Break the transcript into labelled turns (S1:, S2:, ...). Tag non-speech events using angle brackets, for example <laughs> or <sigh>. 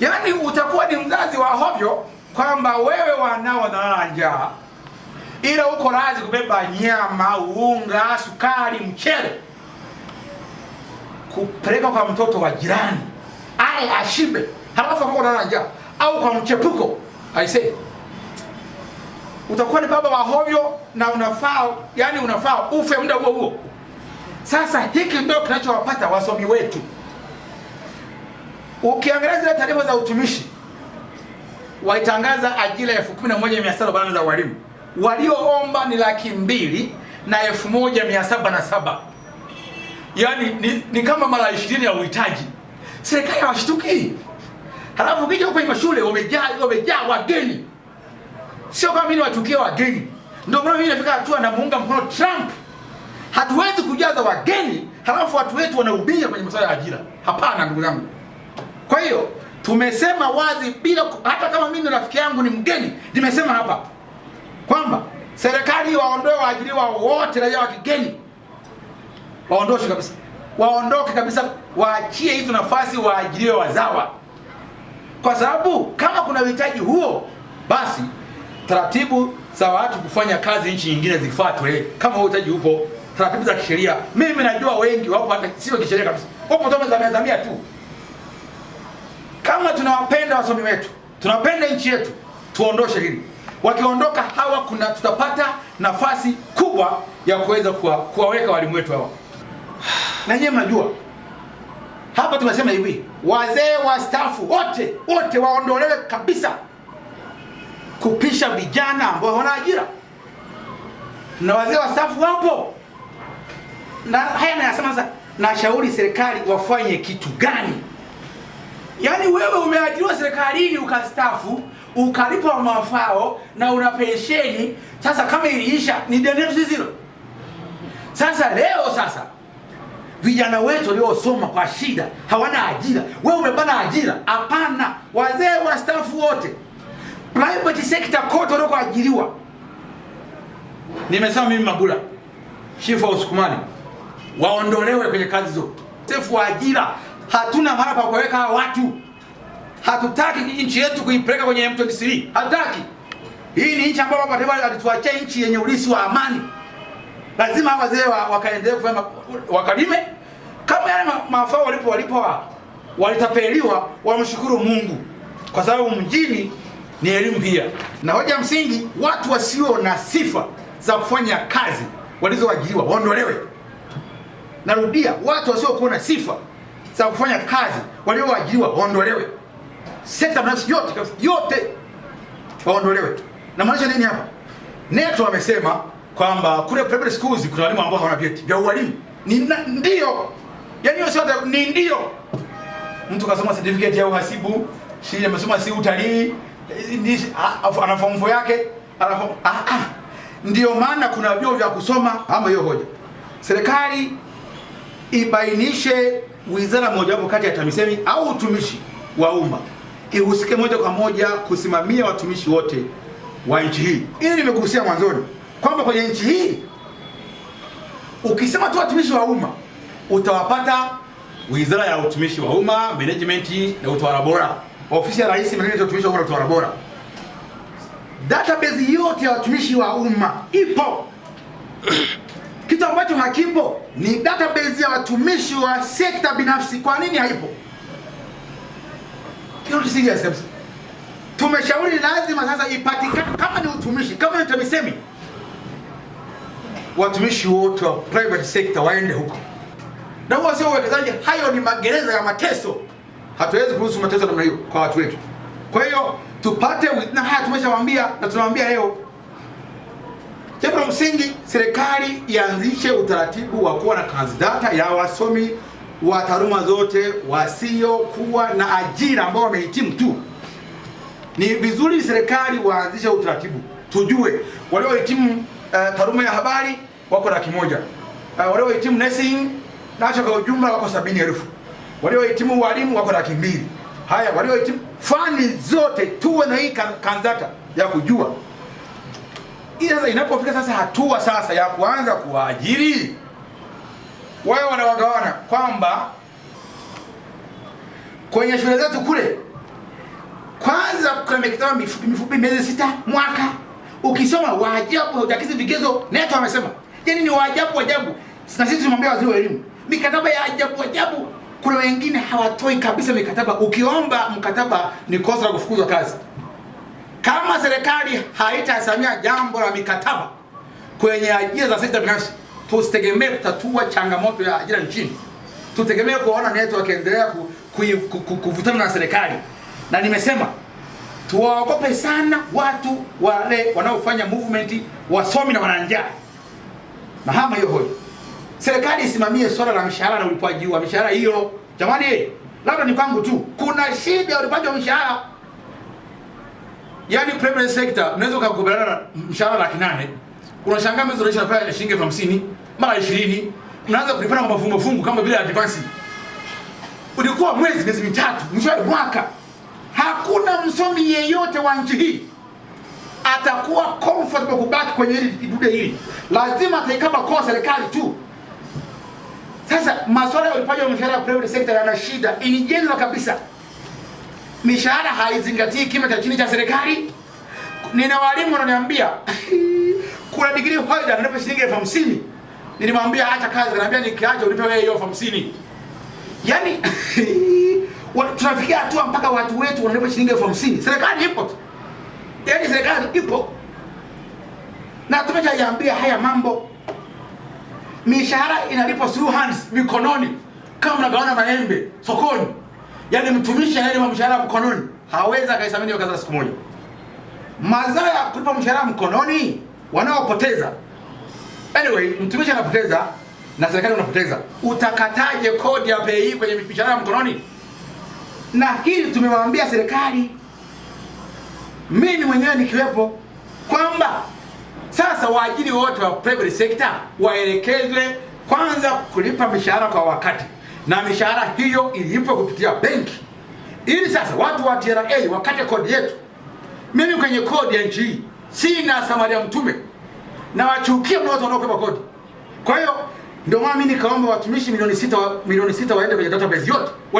S1: Yaani utakuwa ni mzazi wa hovyo kwamba wewe wanao wanalala njaa, ila uko razi kubeba nyama, unga, sukari, mchele kupeleka kwa mtoto wa jirani ale ashibe, halafu akao analala njaa, au kwa mchepuko say utakuwa ni baba wa hovyo na unafaa yani, unafaa ufe muda huo huo. Sasa hiki ndio kinachowapata wasomi wetu. Ukiangalia zile taarifa za utumishi, waitangaza ajira elfu kumi na moja mia saba arobaini za walimu, walioomba ni laki mbili na elfu moja mia saba na saba yaani ni, ni kama mara ishirini ya uhitaji. Serikali hawashtuki. Halafu ukija kwenye mashule wamejaa wamejaa wageni, sio kama mimi niwachukia wageni. Ndio maana mimi nafika hatua na muunga mkono Trump. Hatuwezi kujaza wageni halafu watu wetu wanaubia kwenye masuala ya ajira. Hapana, ndugu zangu. Kwa hiyo tumesema wazi bila hata kama mimi rafiki yangu ni mgeni, nimesema hapa kwamba serikali waondoe waajiriwa wote raia wa kigeni, waondoshe kabisa, waondoke kabisa, waachie hizo nafasi waajiriwe wazawa, kwa sababu kama kuna uhitaji huo, basi taratibu za watu kufanya kazi nchi nyingine zifuatwe. Kama uhitaji upo, taratibu za kisheria. Mimi najua wengi wapo, hata sio kisheria kabisa, wapo tu, wamezamia tu tunawapenda wasomi wetu, tunawapenda nchi yetu, tuondoshe hili. Wakiondoka hawa, kuna tutapata nafasi kubwa ya kuweza kuwaweka walimu wetu hawa. <sighs> Na nyewe mnajua hapa tunasema hivi, wazee wastaafu wote wote waondolewe kabisa, kupisha vijana ambao hawana ajira, na wazee wastaafu wapo na haya nayasema sasa. Nashauri serikali wafanye kitu gani? Yaani wewe umeajiriwa serikalini ukastafu, ukalipa mafao na una pensheni. Sasa kama iliisha ni deni zero. Sasa leo sasa vijana wetu waliosoma kwa shida hawana ajira. Wewe umebana ajira? Hapana. Wazee wastaafu wote private sector kote waliokuajiriwa, nimesema mimi magula chifu Usukumani waondolewe kwenye kazi zote, Tefu wa ajira hatuna mahala pa kuweka hawa watu. Hatutaki nchi yetu kuipeleka kwenye M23, hatutaki. Hii ni nchi ambayo Baba alituachia, nchi yenye ulisi wa amani. Lazima hawa wazee wakaendelee kufanya wakalime kama yale mafao walipo walipo walitapeliwa, wamshukuru Mungu kwa sababu mjini ni elimu pia. Na hoja msingi, watu wasio na sifa za kufanya kazi walizoajiriwa waondolewe. Narudia, watu wasiokuwa na sifa za kufanya kazi walioajiriwa waondolewe, sekta binafsi yote yote waondolewe. Na maanisha nini hapa? NETO wamesema kwamba kule private schools kuna walimu ambao hawana vyeti vya ualimu. Ni ndio, yani hiyo sio ni ndio, mtu kasoma certificate ya uhasibu, si amesoma si utalii, ana form yake, ana ah, ah. Ndio maana kuna vyuo vya kusoma ama hiyo hoja serikali ibainishe wizara mojawapo kati ya TAMISEMI au utumishi wa umma ihusike moja kwa moja kusimamia watumishi wote wa nchi hii. Ili nimekuhusia mwanzoni kwamba kwenye nchi hii ukisema tu watumishi wa umma utawapata wizara ya utumishi wa umma, management na utawala bora, ofisi ya rais, management ya utumishi wa umma na utawala bora. Database yote ya watumishi wa umma ipo kitu ambacho hakipo ni database ya watumishi wa sekta binafsi. Kwa nini haipo? Serious kabisa. Tumeshauri lazima sasa ipatikane, kama ni utumishi, kama ni TAMISEMI, watumishi wote wa private sector waende huko, na huo sio uwekezaji, hayo ni magereza ya mateso. Hatuwezi kuruhusu mateso namna hiyo kwa watu wetu. Kwa hiyo tupate na haya, tumeshawaambia na tunawaambia leo Jambo la msingi, serikali ianzishe utaratibu wa kuwa na data ya wasomi wa taaluma zote wasiokuwa na ajira ambao wamehitimu tu. Ni vizuri serikali waanzishe utaratibu, tujue waliohitimu uh, taaluma ya habari wako laki moja, uh, waliohitimu nursing nacho kwa ujumla wako sabini elfu, waliohitimu walimu wako laki mbili. Haya, waliohitimu fani zote, tuwe na hii kanzidata ya kujua hii sasa inapofika sasa hatua sasa ya kuanza kuwaajiri wao, wanawagawana kwamba kwenye shule zetu kule kwanza kuna mikataba mifupi mifupi miezi sita mwaka, ukisoma waajabu haujakizi vigezo. Neto amesema yani ni waajabu ajabu, na sisi tumwambia waziri wa elimu mikataba ya ajabu ajabu. Kuna wengine hawatoi kabisa mikataba, ukiomba mkataba ni kosa la kufukuzwa kazi. Kama serikali haitasimamia jambo la mikataba kwenye ajira za sekta binafsi, tusitegemee kutatua changamoto ya ajira nchini. Tutegemee kuona NETO wakiendelea kuvutana ku, ku, ku, na serikali, na nimesema tuwaogope sana watu wale wanaofanya movement, wasomi na wananjaa. hama hiyo hoyo. serikali isimamie swala la mshahara na ulipaji wa mishahara. Hiyo jamani, labda ni kwangu tu, kuna shida ya ulipaji wa mshahara. Yaani private sector unaweza kukubaliana na mshahara laki nane. Unashangaa mwezi unaisha pale shilingi elfu hamsini mara 20. Unaanza kulipana kwa mafungo fungu kama vile advance. Ulikuwa mwezi miezi mitatu mwisho wa mwaka. Hakuna msomi yeyote wa nchi hii atakuwa comfortable kubaki kwenye hili dude hili. Lazima ataikaa kwa serikali tu. Sasa masuala ya ulipaji wa mshahara wa private sector yana shida, inijenga kabisa mishahara haizingatii kima cha chini cha serikali. Nina walimu wananiambia <laughs> kuna degree hoja analipa shilingi elfu hamsini. Nilimwambia acha kazi, kanaambia nikiacha ulipe wewe hiyo elfu hamsini. Yani <laughs> tunafikia hatua mpaka watu wetu wanalipa shilingi elfu hamsini. Serikali ipo. yani serikali ipo. Na tumeshaiambia haya mambo. Mishahara inalipwa through hands mikononi kama unagawana maembe sokoni yani mtumishi anayelipa mshahara mkononi hawezi akaisamini hiyo kazi siku moja. Mazao ya kulipa mshahara mkononi wanaopoteza. Anyway, mtumishi anapoteza na serikali unapoteza. Utakataje kodi ya PAYE kwenye mishahara ya mkononi? Na hili tumewambia serikali, mimi mwenyewe nikiwepo, kwamba sasa waajiri wote wa private sector waelekezwe kwanza kulipa mishahara kwa wakati na mishahara hiyo ilipwe kupitia benki, ili sasa watu wa TRA wakate kodi yetu. Mimi kwenye kodi ya nchi hii sina samaria mtume, na wachukie mna watu wanaokwepa kodi. Kwa hiyo ndio maana mimi nikaomba watumishi milioni sita, milioni sita waende kwenye database yote.